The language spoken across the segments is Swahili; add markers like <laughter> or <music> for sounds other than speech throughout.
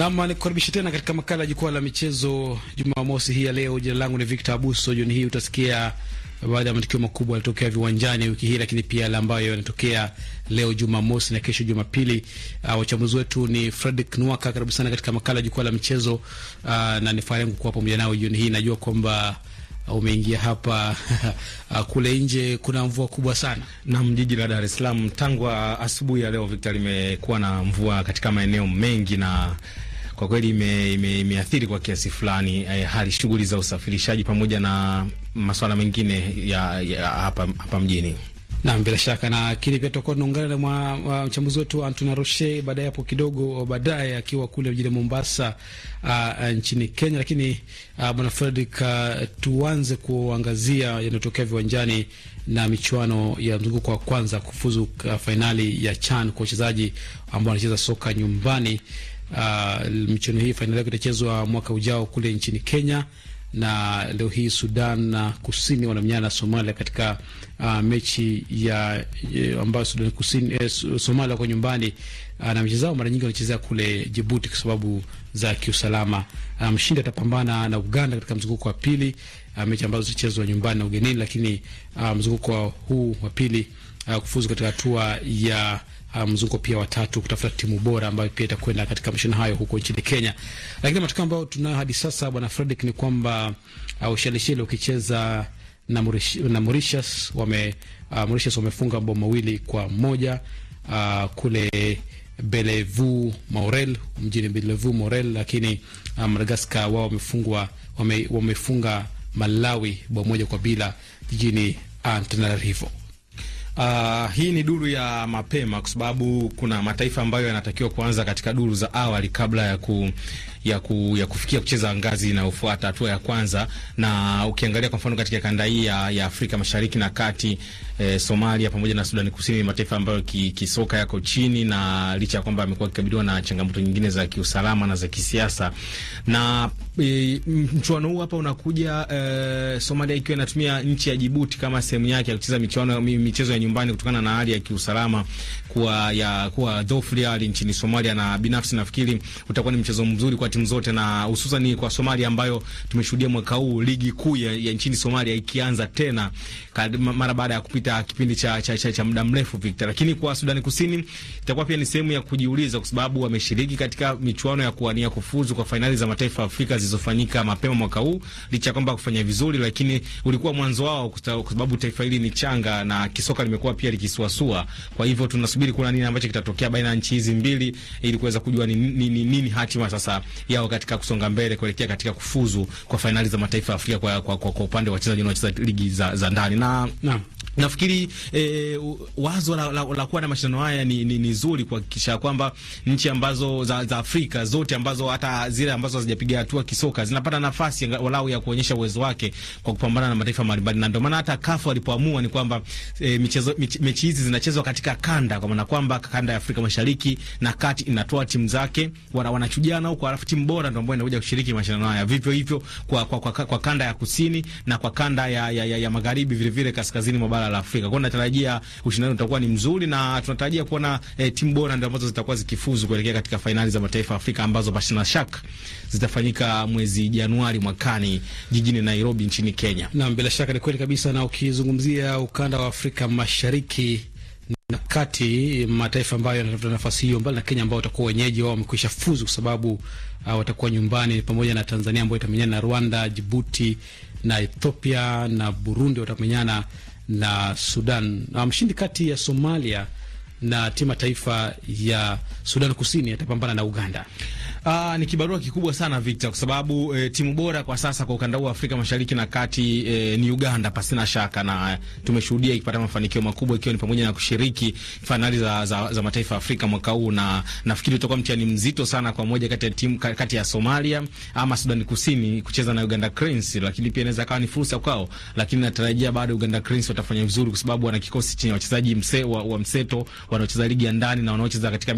Nam, nikukaribisha tena katika makala ya jukwaa la michezo Jumamosi hii ya leo. Jina langu ni Victor Abuso. Jioni hii utasikia baadhi ya matukio makubwa yalitokea viwanjani wiki hii, lakini pia yale ambayo yanatokea leo Jumamosi na kesho Jumapili. Uh, wachambuzi wetu ni Fredrick Nwaka. Karibu sana katika makala ya jukwaa la michezo. Uh, na ni fahari yangu kuwa pamoja nao jioni hii. Najua kwamba uh, umeingia hapa <laughs> uh, kule nje kuna mvua kubwa sana. Naam, jiji la Dar es Salaam tangu uh, asubuhi ya leo Victor, limekuwa na mvua katika maeneo mengi na kwa kweli imeathiri ime, ime kwa kiasi fulani eh, hali shughuli za usafirishaji pamoja na masuala mengine ya, ya hapa, hapa mjini. Nam, bila shaka na kini pia tutakuwa tunaungana na mwa mchambuzi wetu Antona Roche baadaye hapo kidogo baadaye, akiwa kule mjini Mombasa uh, nchini Kenya. Lakini uh, bwana Fredrick, uh, tuanze kuangazia yanayotokea viwanjani na michuano ya mzunguko wa kwanza kufuzu uh, fainali ya CHAN kwa wachezaji ambao wanacheza soka nyumbani. Uh, michuano hii fainali yake itachezwa mwaka ujao kule nchini Kenya, na leo hii Sudan na Kusini wanamenyana na Somalia katika uh, mechi ya ambayo Sudan Kusini eh, Somalia kwa nyumbani uh, na mechi zao mara nyingi wanachezea kule jibuti kwa sababu za kiusalama. Um, mshindi um, atapambana na Uganda katika mzunguko wa pili uh, mechi ambazo zilichezwa nyumbani na ugenini, lakini uh, mzunguko huu wa pili uh, kufuzu katika hatua ya uh, mzunguko pia watatu kutafuta timu bora ambayo pia itakwenda katika mashindano hayo huko nchini Kenya. Lakini matokeo ambayo tunayo hadi sasa, bwana Fredrick, ni kwamba uh, Ushelisheli ukicheza na, Maurish, na Mauritius wame uh, Mauritius wamefunga mabao mawili kwa moja uh, kule Belevu Morel mjini Belevu Morel, lakini uh, Madagascar wao wamefungwa wame, wamefunga Malawi bao moja kwa bila jijini Antananarivo. Uh, hii ni duru ya mapema kwa sababu kuna mataifa ambayo yanatakiwa kuanza katika duru za awali kabla ya, ku, ya, ku, ya kufikia kucheza ngazi inayofuata hatua ya kwanza. Na ukiangalia kwa mfano katika kanda hii ya, ya Afrika Mashariki na Kati eh, Somalia pamoja na Sudani Kusini ni mataifa ambayo ki, kisoka yako chini, na licha ya kwamba amekuwa akikabiliwa na changamoto nyingine za kiusalama na za kisiasa na e, mchuano huu hapa unakuja e, Somalia ikiwa inatumia nchi ya Djibouti kama sehemu yake ya kucheza michuano michezo ya nyumbani kutokana na hali ya kiusalama kuwa ya kuwa dhofu hali nchini Somalia, na binafsi nafikiri utakuwa ni mchezo mzuri kwa timu zote na hususan kwa Somalia ambayo tumeshuhudia mwaka huu ligi kuu ya, ya nchini Somalia ikianza tena mara baada ya kupita kipindi cha, cha, cha, cha muda mrefu Victor. Lakini kwa Sudani Kusini itakuwa pia ni sehemu ya kujiuliza kwa sababu wameshiriki katika michuano ya kuwania kufuzu kwa fainali za mataifa Afrika zilizofanyika mapema mwaka huu, licha kwamba kufanya vizuri, lakini ulikuwa mwanzo wao, kwa sababu taifa hili ni changa na kisoka limekuwa pia likisuasua. Kwa hivyo tunasubiri kuna nini ambacho kitatokea baina ya nchi hizi mbili ili kuweza kujua ni nini, nini, nini hatima sasa yao katika kusonga mbele kuelekea katika kufuzu kwa fainali za mataifa ya Afrika kwa, kwa, kwa, kwa upande wa wachezaji wanaocheza ligi za, za ndani na, na Nafikiri eh, wazo la, la, la kuwa na mashindano haya ni, ni, ni zuri kuhakikisha kwamba nchi ambazo za, za Afrika zote ambazo hata zile ambazo hazijapiga hatua kisoka zinapata nafasi walau ya kuonyesha uwezo wake kwa kupambana na mataifa mbalimbali, na ndio maana hata CAF walipoamua ni kwamba eh, michezo mechi hizi zinachezwa katika kanda, kwa maana kwamba kanda ya Afrika Mashariki na Kati inatoa timu zake, wana wanachujana huko, alafu timu bora ndio ambayo inakuja kushiriki mashindano haya. Vivyo hivyo kwa, kwa, kwa, kwa kwa kanda ya kusini na kwa kanda ya, ya, ya, ya magharibi, vile vile kaskazini mwa bara la Afrika. Kwa hiyo natarajia ushindani utakuwa ni mzuri na tunatarajia kuona eh, timu bora ndio ambazo zitakuwa zikifuzu kuelekea katika fainali za mataifa Afrika ambazo pasina shaka zitafanyika mwezi Januari mwakani jijini Nairobi nchini Kenya. Na bila shaka ni kweli kabisa, na ukizungumzia ukanda wa Afrika Mashariki na kati mataifa ambayo yanatafuta nafasi hiyo, mbali na Kenya ambao watakuwa wenyeji, wao wamekwisha fuzu kwa sababu uh, watakuwa nyumbani, pamoja na Tanzania ambayo itamenyana na Rwanda, Jibuti na Ethiopia na Burundi watamenyana na Sudan. Na mshindi kati ya Somalia na timu taifa ya Sudan Kusini atapambana na Uganda. Aa, ah, ni kibarua kikubwa sana Victor, kwa sababu e, timu bora kwa sasa kwa ukanda huu wa Afrika Mashariki na Kati e, ni Uganda pasina shaka, na eh, tumeshuhudia ikipata mafanikio makubwa ikiwa ni pamoja na kushiriki fainali za, za, za mataifa Afrika mwaka huu, na nafikiri utakuwa mtihani mzito sana kwa moja kati ya timu kati ya Somalia ama Sudan Kusini kucheza na Uganda Cranes, lakini pia inaweza kawa ni fursa kwao, lakini natarajia bado Uganda Cranes watafanya vizuri, kwa sababu wana kikosi chenye wachezaji mse, wa, wa mseto wanaocheza ligi ya ndani na wanaocheza katika,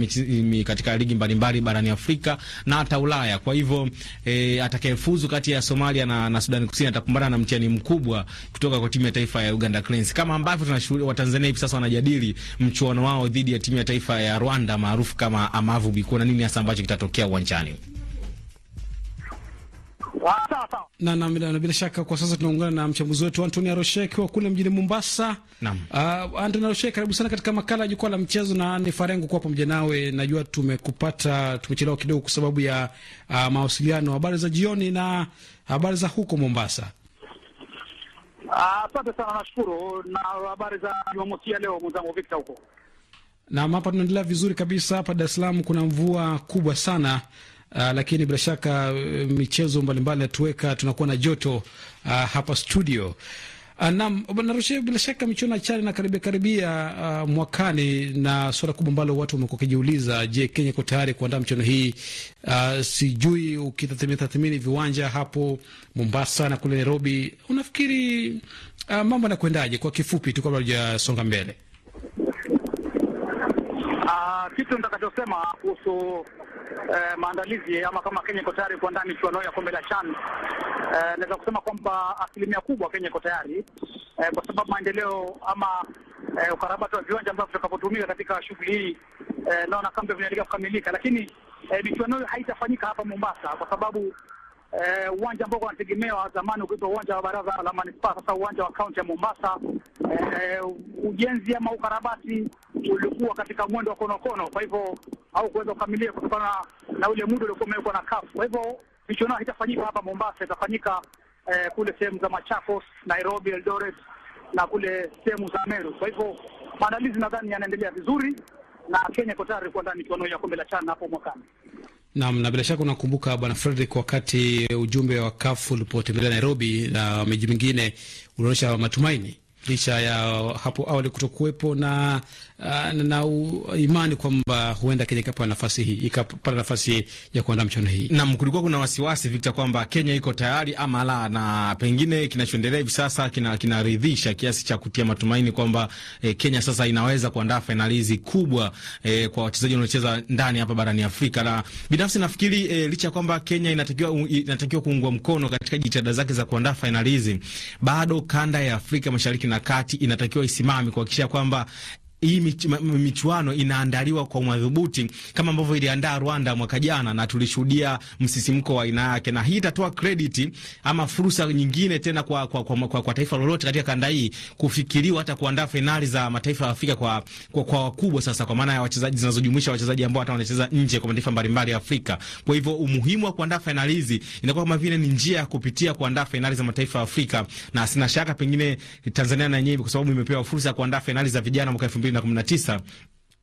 katika ligi mbalimbali barani Afrika na hata Ulaya. Kwa hivyo e, atakayefuzu kati ya Somalia na, na Sudani Kusini atakumbana na mtihani mkubwa kutoka kwa timu ya taifa ya Uganda Cranes, kama ambavyo tunashuhudia Watanzania hivi sasa wanajadili mchuano wao dhidi ya timu ya taifa ya Rwanda maarufu kama Amavubi, kuona nini hasa ambacho kitatokea uwanjani na, na, na, na bila shaka kwa sasa tunaungana na mchambuzi wetu Antoni Aroshe akiwa kule mjini Mombasa. Uh, Antoni Aroshe, karibu sana katika makala ya jukwaa la mchezo na ni Farengo kuwa pamoja nawe. Najua tumekupata tumechelewa kidogo kwa sababu ya uh, mawasiliano. Habari za jioni na habari za huko Mombasa? Asante sana nashukuru. Na habari za Jumamosi ya leo mwenzangu Victor huko? Naam, hapa tunaendelea vizuri kabisa. Hapa Dar es Salaam kuna mvua kubwa sana Uh, lakini bila shaka eh, michezo mbalimbali natuweka tunakuwa na joto uh, hapa studio uh, ah, nam bwana Rushe, bila shaka michuano ya chani na karibia karibia uh, mwakani, na suala kubwa ambalo watu wamekuwa wakijiuliza, je, Kenya iko tayari kuandaa michuano hii? Uh, sijui ukitathmini tathmini viwanja hapo Mombasa na kule Nairobi, unafikiri uh, mambo yanakwendaje? Kwa kifupi tu kabla hujasonga mbele. Ah, kitu nitakachosema kuhusu eh, maandalizi ama kama Kenya iko tayari kuandaa michuano ya kombe la CHAN eh, naweza kusema kwamba asilimia kubwa Kenya iko tayari eh, kwa sababu maendeleo ama eh, ukarabati wa viwanja ambavyo vitakapotumika katika shughuli hii eh, naona kambi vinaelekea kukamilika, lakini eh, michuano hiyo haitafanyika hapa Mombasa kwa sababu eh, uwanja ambao unategemewa zamani ukiitwa uwanja wa baraza la manispaa, sasa uwanja wa kaunti ya Mombasa eh, ujenzi ama ukarabati ulikuwa katika mwendo wa konokono, kwa hivyo au kuweza kukamilia kutokana na ule muda uliokuwa umewekwa na CAF. Kwa hivyo michuano haitafanyika hapa Mombasa, itafanyika eh, kule sehemu za Machakos, Nairobi, Eldoret na kule sehemu za Meru. Kwa hivyo maandalizi nadhani yanaendelea vizuri na Kenya iko tayari kuandaa michuano ya kombe la CHAN hapo mwakani. Naam, na bila shaka unakumbuka Bwana Frederick, wakati ujumbe wa CAF ulipotembelea Nairobi na miji mingine ulionyesha matumaini licha ya hapo awali kutokuwepo na Ah, na, na u, imani kwamba huenda Kenya ikapata nafasi hii ikapata nafasi ya kuandaa mchuano hii. Naam, kulikuwa kuna wasiwasi Victor kwamba Kenya iko tayari ama la, na pengine kinachoendelea hivi sasa kinaridhisha kina kiasi cha kutia matumaini kwamba eh, Kenya sasa inaweza kuandaa fainali hizi kubwa eh, kwa wachezaji wanaocheza ndani hapa barani Afrika, na binafsi nafikiri eh, licha ya kwamba Kenya inatakiwa inatakiwa kuungwa mkono katika jitihada zake za kuandaa fainali hizi, bado kanda ya Afrika Mashariki na Kati inatakiwa isimame kuhakikisha kwamba hii mich, michuano inaandaliwa kwa madhubuti kama ambavyo iliandaa Rwanda mwaka jana, na tulishuhudia msisimko wa aina yake, na hii itatoa credit ama fursa nyingine tena kwa, kwa, kwa, kwa, kwa taifa lolote katika kanda hii kufikiriwa hata kuandaa fainali za mataifa ya Afrika kwa kwa, kwa wakubwa sasa, kwa maana ya wachezaji zinazojumuisha wachezaji ambao hata wanacheza nje kwa mataifa mbalimbali ya Afrika. Kwa hivyo umuhimu wa kuandaa fainali hizi inakuwa kama vile ni njia ya kupitia kuandaa fainali za mataifa ya Afrika, na sina shaka pengine Tanzania na yenyewe kwa sababu imepewa fursa ya kuandaa fainali za vijana mwaka 2000 tisa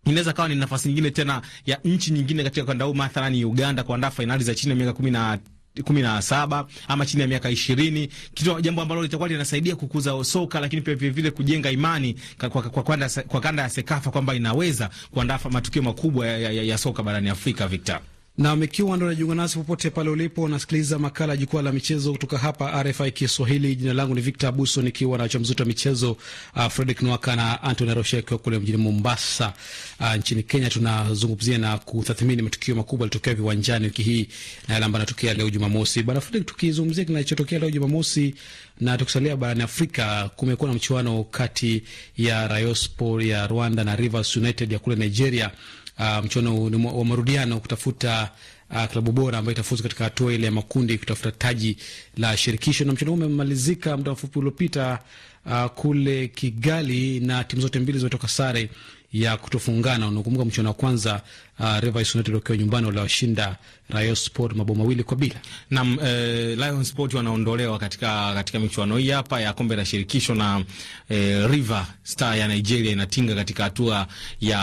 inaweza kawa ni nafasi nyingine tena ya nchi nyingine katika ukanda huu, mathalani Uganda kuandaa fainali za chini ya miaka kumi na kumi na saba ama chini ya miaka ishirini kitu jambo ambalo litakuwa linasaidia kukuza soka, lakini pia vilevile kujenga imani kwa, kwa, kwa, kwa kanda ya Sekafa kwamba inaweza kuandaa matukio makubwa ya, ya, ya soka barani Afrika. Victor na mkiwa ndo najiunga nasi popote pale ulipo, unasikiliza makala ya jukwaa la michezo kutoka hapa RFI Kiswahili. Jina langu ni Victor Abuso nikiwa na chamzuto wa michezo uh, Fredrick Nwaka na Antony Arosha akiwa kule mjini Mombasa uh, nchini Kenya. Tunazungumzia na kutathmini matukio makubwa yalitokea viwanjani wiki hii na yale ambayo yanatokea leo Jumamosi. Bwana Fredrick, tukizungumzia kinachotokea leo Jumamosi na tukisalia barani Afrika, kumekuwa na mchuano kati ya Rayospor ya Rwanda na Rivers United ya kule Nigeria uh, mchuano wa marudiano kutafuta uh, klabu bora ambayo itafuzu katika hatua ile ya makundi kutafuta taji la shirikisho. Na mchuano huu umemalizika muda mfupi uliopita uh, kule Kigali, na timu zote mbili zimetoka sare ya kutofungana. Unakumbuka mchuano wa kwanza uh, Rivers United wakiwa nyumbani waliwashinda Rayon Sport mabao mawili kwa bila. Naam, eh, Lion Sport wanaondolewa katika katika michuano hii hapa ya kombe la shirikisho na eh, River Star ya Nigeria inatinga katika hatua ya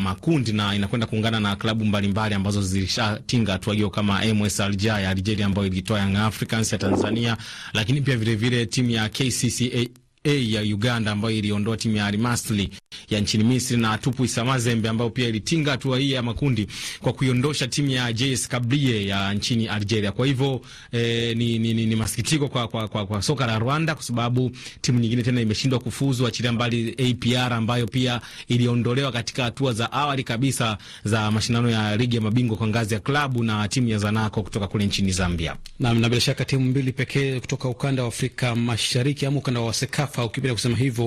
makundi na inakwenda kuungana na klabu mbalimbali ambazo zilishatinga hatua hiyo kama MS Alger ya Algeria ambayo ilitoa Young Africans ya Tanzania, lakini pia vile vile timu ya KCCA A ya Uganda ambayo iliondoa timu ya Al ya nchini Misri na Tupuisa Isamazembe ambayo pia ilitinga hatua hii ya makundi kwa kuiondosha timu ya JS Kabylie ya nchini Algeria. Kwa hivyo eh, ni, ni, ni, ni masikitiko kwa, kwa, kwa, kwa soka la Rwanda kwa sababu timu nyingine tena imeshindwa kufuzu, achilia mbali APR ambayo pia iliondolewa katika hatua za awali kabisa za mashindano ya ligi ya mabingwa kwa ngazi ya klabu na timu ya Zanaco kutoka kule nchini Zambia. Naam, na bila shaka timu mbili pekee kutoka ukanda wa Afrika Mashariki ama ukanda wa Sekafa CAF au kusema hivyo,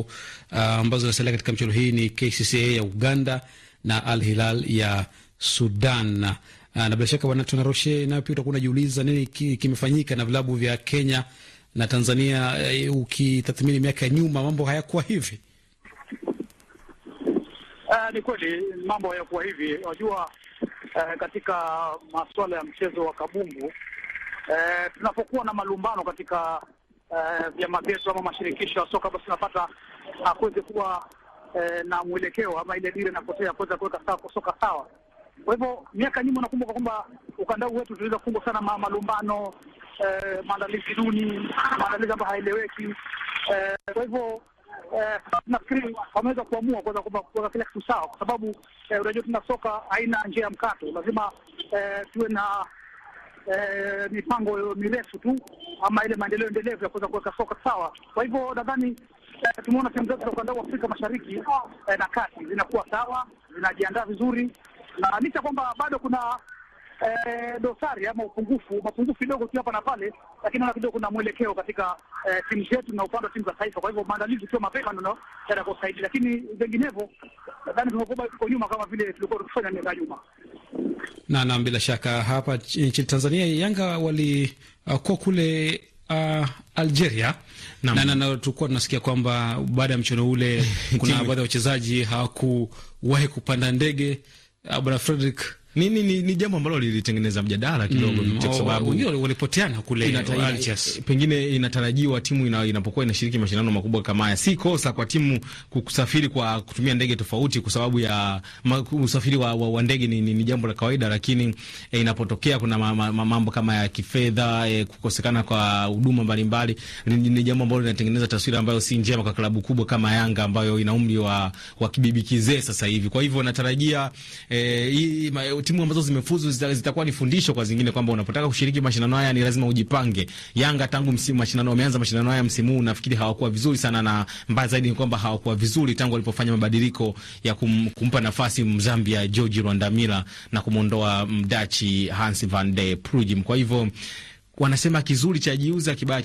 uh, ambazo uh, zinasalia katika mchezo hii ni KCCA ya Uganda na Al Hilal ya Sudan. Uh, na bila shaka bwana tunaroshe nayo pia utakuwa unajiuliza nini kimefanyika na vilabu vya Kenya na Tanzania. Uh, ukitathmini miaka ya nyuma mambo hayakuwa hivi. Uh, ni kweli mambo hayakuwa hivi, unajua uh, katika masuala ya mchezo wa kabumbu uh, tunapokuwa na malumbano katika vyama uh, vyetu ama mashirikisho ya soka basi unapata akuweze kuwa eh, na mwelekeo ama ile dira inapotea kuweza kuweka sawa soka sawa. Kwa hivyo miaka nyuma unakumbuka kwamba ukandau wetu tuliweza kufungwa sana ma malumbano eh, maandalizi duni, maandalizi ambayo haeleweki eh, kwa hivyo eh, nafikiri wameweza kuamua kuweza kuweka kila kitu sawa, kwa sababu eh, unajua tuna soka haina njia ya mkato, lazima eh, tuwe na Eh, mipango mirefu tu ama ile maendeleo endelevu ya kuweza kuweka soka sawa. Kwa hivyo nadhani eh, tumeona timu zote za ukanda wa Afrika Mashariki eh, na kati zinakuwa sawa, zinajiandaa vizuri, na licha kwamba bado kuna eh, dosari ama upungufu mapungufu kidogo tu hapa na pale, lakini naona kidogo kuna mwelekeo katika eh, timu zetu na upande wa timu za taifa. Kwa hivyo maandalizi ukiwa mapema ndio yatakusaidia, lakini vinginevyo nadhani tumekuwa tuko nyuma kama vile tulikuwa tukifanya miaka nyuma. Na na bila shaka hapa nchini Tanzania Yanga walikuwa uh, kule Uh, Algeria na, na, na, na tulikuwa tunasikia kwamba baada ya mchuano ule <laughs> kuna baadhi ya wachezaji hawakuwahi kupanda ndege. Uh, Bwana Frederick ni, ni, ni, ni jambo ambalo lilitengeneza mjadala kidogo mm, kwa oh, sababu oh, walipoteana kule inata, ina, Pengine inatarajiwa timu ina, inapokuwa inashiriki mashindano makubwa kama haya, si kosa kwa timu kusafiri kwa kutumia ndege tofauti, kwa sababu ya ma, usafiri wa, wa, wa ndege ni, ni, ni jambo la kawaida, lakini eh, inapotokea kuna ma, ma, ma, mambo kama ya kifedha eh, kukosekana kwa huduma mbalimbali ni, ni jambo ambalo linatengeneza taswira ambayo si njema kwa klabu kubwa kama Yanga ambayo ina umri wa, wa kibibikizee sasa hivi. Kwa hivyo natarajia eh, timu ambazo zimefuzu zitakuwa ni fundisho kwa zingine kwamba unapotaka kushiriki mashindano haya ni lazima ujipange. Yanga tangu msimu mashindano wameanza mashindano haya msimu huu, nafikiri hawakuwa vizuri sana, na mbaya zaidi ni kwamba hawakuwa vizuri tangu walipofanya mabadiliko ya kum, kumpa nafasi Mzambia George Rwandamila na kumwondoa Mdachi Hans van de Pruijm. Kwa hivyo wanasema kizuri cha jiuza kibaya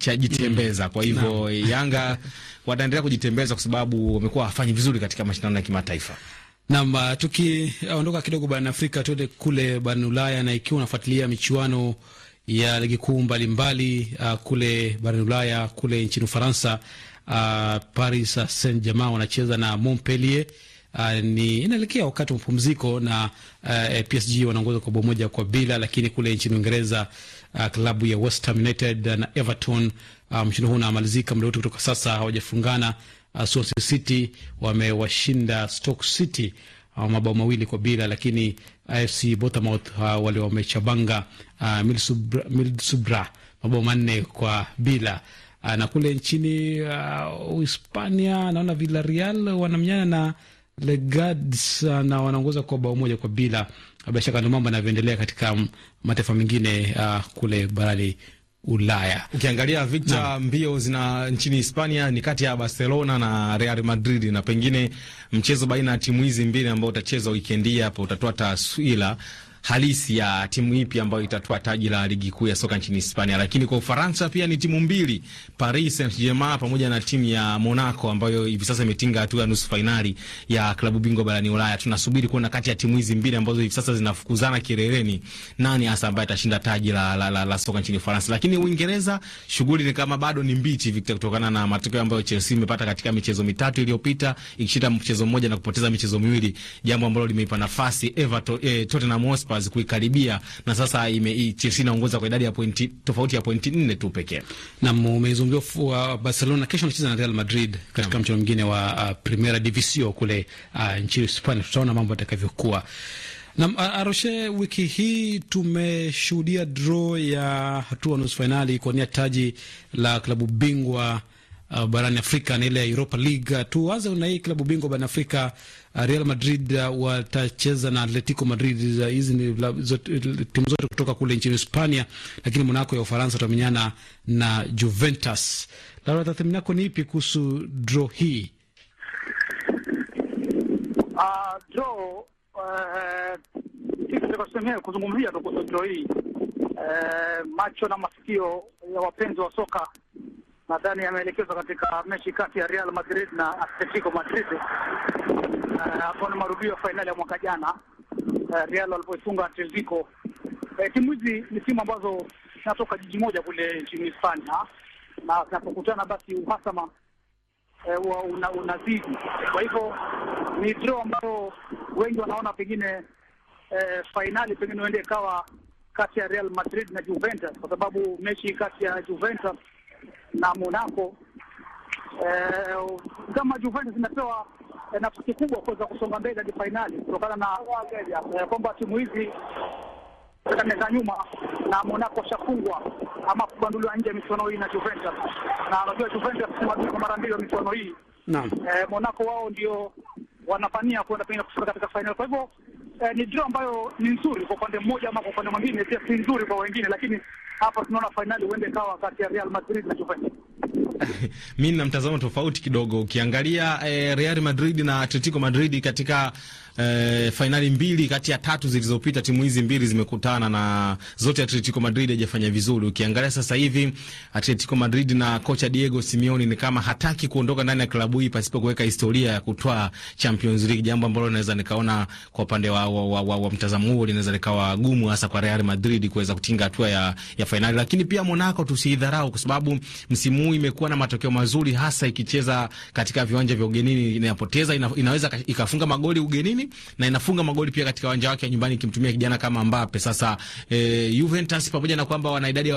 cha jitembeza. Kwa hivyo Yanga wataendelea kujitembeza kwa sababu wamekuwa wafanyi vizuri katika mashindano ya kimataifa. Nam, ah, tukiondoka kidogo barani Afrika tuende kule barani Ulaya, na ikiwa unafuatilia michuano ya ligi kuu mbalimbali uh, kule barani Ulaya, kule nchini Ufaransa, uh, Paris Saint Germain wanacheza na Montpellier. Uh, ni inaelekea wakati wa mapumziko na uh, eh, PSG wanaongoza kwa bao moja kwa bila, lakini kule nchini Uingereza uh, klabu ya West Ham United na Everton uh, mchezo huu unamalizika muda wote kutoka sasa, hawajafungana uh, Swansea City wamewashinda Stoke City uh, mabao mawili kwa bila, lakini AFC Bournemouth uh, wale wamechabanga uh, Middlesbrough, mabao manne kwa bila uh, na kule nchini Hispania uh, naona Villarreal wanamnyana na Legads uh, na wanaongoza kwa bao moja kwa bila. Bila shaka ndo mambo yanavyoendelea katika mataifa mengine uh, kule barani Ulaya. Ukiangalia Victor, mbio zina nchini Hispania ni kati ya Barcelona na Real Madrid, na pengine mchezo baina ya timu hizi mbili ambao utacheza wikendi hapo utatoa taswira halisi ya timu ipi ambayo itatwaa taji la ligi kuu ya soka nchini Hispania. Lakini kwa Ufaransa pia ni timu mbili, Paris Saint-Germain pamoja na timu ya Monaco ambayo hivi sasa imetinga hatua ya nusu fainali ya klabu bingwa barani Ulaya. Tunasubiri kuona kati ya timu hizi mbili ambazo hivi sasa zinafukuzana kileleni, nani hasa ambaye atashinda taji la, la, la, la soka nchini Ufaransa. Lakini Uingereza shughuli ni kama bado ni mbichi Victor, kutokana na matokeo ambayo Chelsea imepata katika michezo mitatu iliyopita, ikishinda mchezo mmoja na kupoteza michezo miwili, jambo ambalo limeipa nafasi Everton, eh, Tottenham Hotspur Spurs kuikaribia na sasa ime Chelsea inaongoza kwa idadi ya pointi tofauti ya pointi nne tu pekee. Na umezungumzia uh, Barcelona kesho anacheza na Real Madrid katika mchezo mwingine wa uh, Primera Divisio kule uh, nchini Spain. Tutaona mambo yatakavyokuwa. Na uh, Aroshe, wiki hii tumeshuhudia draw ya hatua nusu fainali nia taji la klabu bingwa uh, barani Afrika na ile ya Europa League. Uh, Tuanze na hii klabu bingwa barani Afrika, uh, Real Madrid uh, watacheza na Atletico Madrid. Uh, hizi ni timu zote kutoka kule nchini Hispania, lakini Monaco ya Ufaransa watamenyana na Juventus. Laura, tathmini yako ni ipi kuhusu dro hii? Uh, kuzungumzia tu kuhusu draw hii eh, macho na masikio ya wapenzi wa soka nadhani yameelekezwa katika mechi kati ya Real Madrid na Atletico Madrid eh, Hapo ni marudio ya fainali ya mwaka jana eh, Real walipoifunga Atletico. Eh, timu hizi ni timu ambazo zinatoka jiji moja kule nchini Hispania na zinapokutana basi uhasama una, unazidi. Kwa hivyo ni draw ambayo wengi wanaona pengine eh, fainali pengine uende ikawa kati ya Real Madrid na Juventus, kwa sababu mechi kati ya Juventus na Monaco eh, kama Juventus zimepewa eh, nafasi kubwa kuweza kusonga mbele hadi fainali kutokana na eh, kwamba timu hizi katika miaka nyuma na Monaco shafungwa ama kubanduliwa nje ya michuano hii na Juventus, na anajua Juventus kwa mara mbili wa michuano hii. Naam, Monaco wao ndio wanapania kwenda pengine kufika katika fainali, kwa hivyo eh, ni draw ambayo ni nzuri kwa upande mmoja ama kwa upande mwingine pia si nzuri kwa wengine, lakini hapa tunaona fainali huende kawa kati ya Real Madrid na Juventus. <laughs> Mimi na mtazamo tofauti kidogo. Ukiangalia eh, Real Madrid na Atletico Madrid katika eh, fainali mbili kati ya tatu zilizopita timu hizi mbili zimekutana na zote Atletico Madrid haijafanya vizuri. Ukiangalia sasa hivi Atletico Madrid na kocha Diego Simeone ni kama hataki kuondoka ndani ya klabu hii pasipo kuweka historia ya kutwaa Champions League, jambo ambalo naweza nikaona kwa upande wa, wa, wa, wa, wa mtazamo huo linaweza likawa gumu hasa kwa Real Madrid kuweza kutinga hatua ya, ya fainali. Lakini pia Monaco tusiidharau, kwa sababu msimu huu imekuwa na matokeo mazuri hasa ikicheza katika viwanja vya ugenini, inapoteza ina, inaweza ikafunga magoli ugenini nyumbani na inafunga magoli pia katika uwanja wake nyumbani ikimtumia kijana kama Mbappe. Sasa e, Juventus pamoja na kwamba wana idadi ya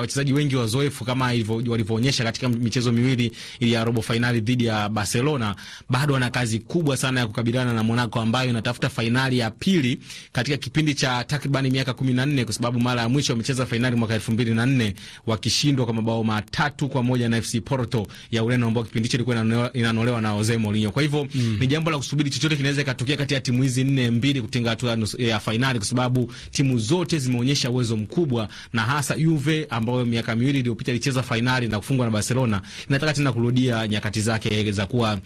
wachezaji wengi wazoefu kama walivyoonyesha katika michezo miwili ya robo fainali dhidi ya Barcelona, bado wana kazi kubwa sana ya kukabiliana na Monaco ambayo inatafuta fainali ya pili katika kipindi cha takriban miaka 14 kwa sababu mara ya mwisho wamecheza fainali mwaka 2004 wakishindwa kwa mabao matatu kwa moja na FC Porto ya Ureno ambao kipindi hicho ilikuwa inanolewa na Jose Mourinho. Kwa hivyo mm, ni jambo la kusubiri chochote kinaweza ikatokea kati ya timu hizi nne mbili kutinga hatua ya fainali, kwa sababu timu zote zimeonyesha uwezo mkubwa, na hasa Juve ambayo miaka miwili iliyopita ilicheza fainali na kufungwa na Barcelona, inataka tena kurudia nyakati zake za kuwa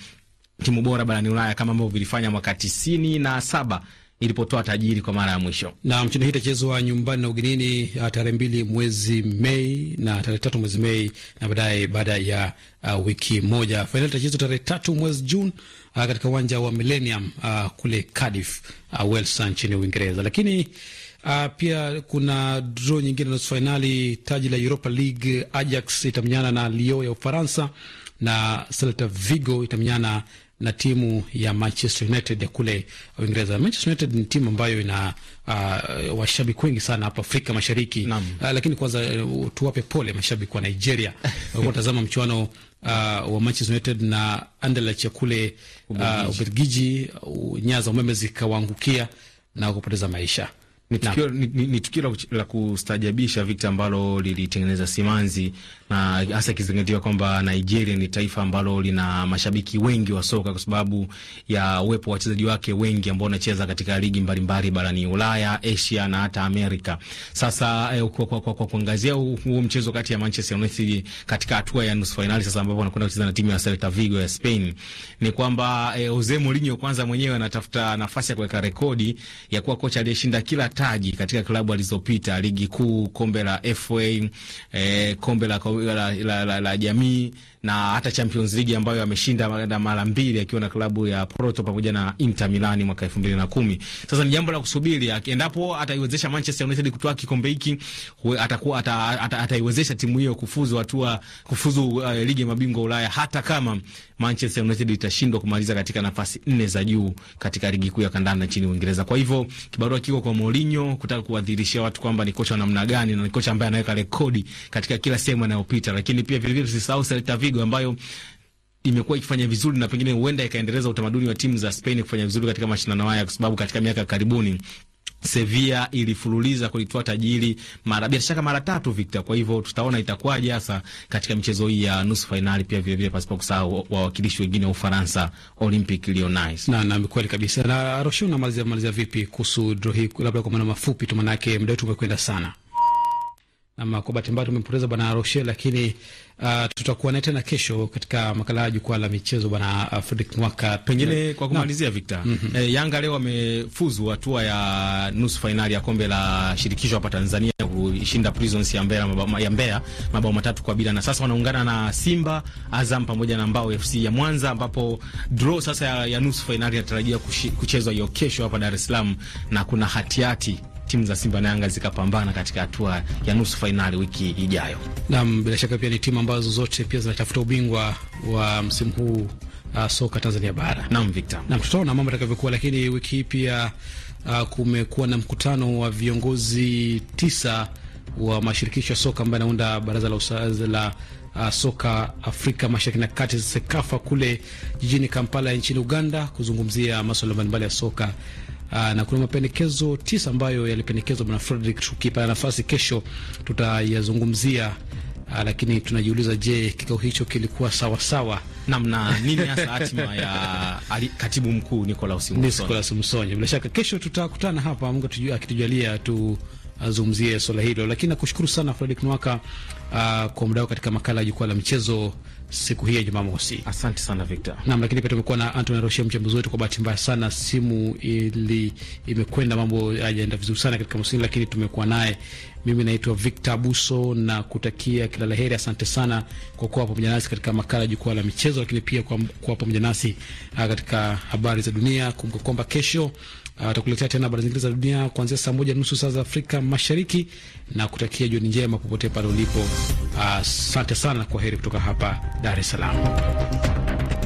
timu bora barani Ulaya kama ambavyo vilifanya mwaka tisini na saba ilipotoa tajiri kwa mara ya mwisho. Na mchezo hii itachezwa nyumbani na ugenini uh, tarehe mbili mwezi Mei na tarehe tatu mwezi Mei na baadaye baada ya uh, wiki moja. Fainali itachezwa tarehe tatu mwezi Juni uh, katika uwanja wa Millennium uh, kule Cardiff uh, Wales nchini Uingereza. Lakini uh, pia kuna draw nyingine nusu fainali taji la Europa League, Ajax itamenyana na Lyon ya Ufaransa na Celta Vigo itamenyana na timu ya Manchester United ya kule Uingereza. Manchester United ni timu ambayo ina uh, washabiki wengi sana hapa Afrika Mashariki uh, lakini kwanza uh, tuwape pole mashabiki wa Nigeria <laughs> watazama mchuano uh, wa Manchester United na Anderlecht ya kule uh, Ubelgiji, uh, nyaya za umeme zikawaangukia na kupoteza maisha. Ni tukio, ni, ni, ni tukio la kustajabisha vikta ambalo lilitengeneza simanzi na hasa ikizingatiwa kwamba Nigeria ni taifa ambalo lina mashabiki wengi wa soka kwa sababu ya uwepo wa wachezaji wake wengi ambao wanacheza katika ligi mbalimbali barani Ulaya, Asia na hata Amerika. Sasa eh, kwa, kwa, kwa, kwa kuangazia huu mchezo kati ya Manchester United katika hatua ya nusu fainali sasa, ambapo wanakwenda kucheza na timu ya Celta Vigo ya Spain, ni kwamba eh, Jose Mourinho kwanza mwenyewe anatafuta nafasi ya kuweka rekodi ya kuwa kocha aliyeshinda kila mataji katika klabu alizopita, ligi kuu, kombe la FA, eh, kombe la, la, la, la, la jamii na hata Champions League ambayo ameshinda mara mbili akiwa na klabu ya Porto pamoja na Inter Milan mwaka 2010. Sasa ni jambo la kusubiri, akiendapo ataiwezesha Manchester United kutoa kikombe hiki, atakuwa ataiwezesha timu hiyo kufuzu hatua kufuzu uh, ligi ya mabingwa Ulaya, hata kama Manchester United itashindwa kumaliza katika nafasi nne za juu katika ligi kuu ya kandanda nchini Uingereza. Kwa hivyo kibarua kiko kwa Mourinho kutaka kuwadhihirishia watu kwamba ni kocha namna gani na ni kocha ambaye anaweka rekodi katika kila sehemu anayopita, lakini pia vile vile tusisahau Celta Vigo mapigo ambayo imekuwa ikifanya vizuri na pengine huenda ikaendeleza utamaduni wa timu za Spain kufanya vizuri katika mashindano haya, kwa sababu katika miaka karibuni Sevilla ilifululiza kulitoa tajiri mara bila shaka mara tatu Victor. Kwa hivyo tutaona itakuwaje hasa katika michezo hii ya nusu fainali, pia vilevile pasipo kusahau wawakilishi wengine wa Ufaransa Olympic Lyonnais. Na na kweli kabisa. Na Roshon, unamalizia malizia vipi kuhusu draw hii, labda kwa maana mafupi tu, manake muda wetu umekwenda sana ama kwa bahati mbaya tumempoteza bwana Roshe, lakini uh, tutakuwa naye tena kesho katika makala ya jukwaa la michezo bwana uh, Fredrick Mwaka. Pengine yeah. kwa kumalizia no. Victor mm -hmm. eh, Yanga leo wamefuzu hatua ya nusu fainali ya kombe la shirikisho hapa Tanzania kushinda Prisons ya Mbeya, ya Mbeya mabao matatu kwa bila, na sasa wanaungana na Simba, Azam pamoja na Mbao FC ya Mwanza, ambapo draw sasa ya, ya nusu fainali inatarajiwa kuchezwa hiyo kesho hapa Dar es Salaam na kuna hatiati hati timu za Simba na Yanga zikapambana katika hatua ya nusu fainali wiki ijayo. Naam, bila shaka pia ni timu ambazo zote pia zinatafuta ubingwa wa msimu huu uh, soka Tanzania bara. Naam, Victor. Naam, tutaona mambo atakavyokuwa, lakini wiki hii pia uh, kumekuwa na mkutano wa viongozi tisa wa mashirikisho ya soka ambayo anaunda baraza la usazi la uh, soka Afrika Mashariki na Kati SEKAFA kule jijini Kampala nchini Uganda kuzungumzia masuala mbalimbali ya soka Aa, ah, na kuna mapendekezo tisa ambayo yalipendekezwa bwana Frederick. Tukipa nafasi kesho tutayazungumzia. Ah, lakini tunajiuliza je, kikao hicho kilikuwa sawasawa namna nini hasa hatima ya katibu mkuu Nicolas Msonye? Bila shaka kesho tutakutana hapa, Mungu akitujalia tu azungumzie swala hilo. Lakini nakushukuru sana Fredrick Nwaka uh, kwa muda wako katika makala ya jukwaa la michezo siku hii ya Jumamosi. Asante sana Victor. Naam, lakini pia tumekuwa na Anton Roshia mchambuzi wetu. Kwa bahati mbaya sana simu ili imekwenda, mambo hayajaenda vizuri sana katika msingi, lakini tumekuwa naye. Mimi naitwa Victor Buso na kutakia kila la heri. Asante sana kwa kuwa pamoja nasi katika makala ya jukwaa la michezo, lakini pia kwa kuwa pamoja nasi uh, katika habari za dunia. Kumbuka kwamba kesho Atakuletea ah, tena habari zingine za dunia kuanzia saa moja nusu saa za Afrika Mashariki, na kutakia jioni njema popote pale ulipo. Ah, asante sana kwa heri kutoka hapa Dar es Salaam.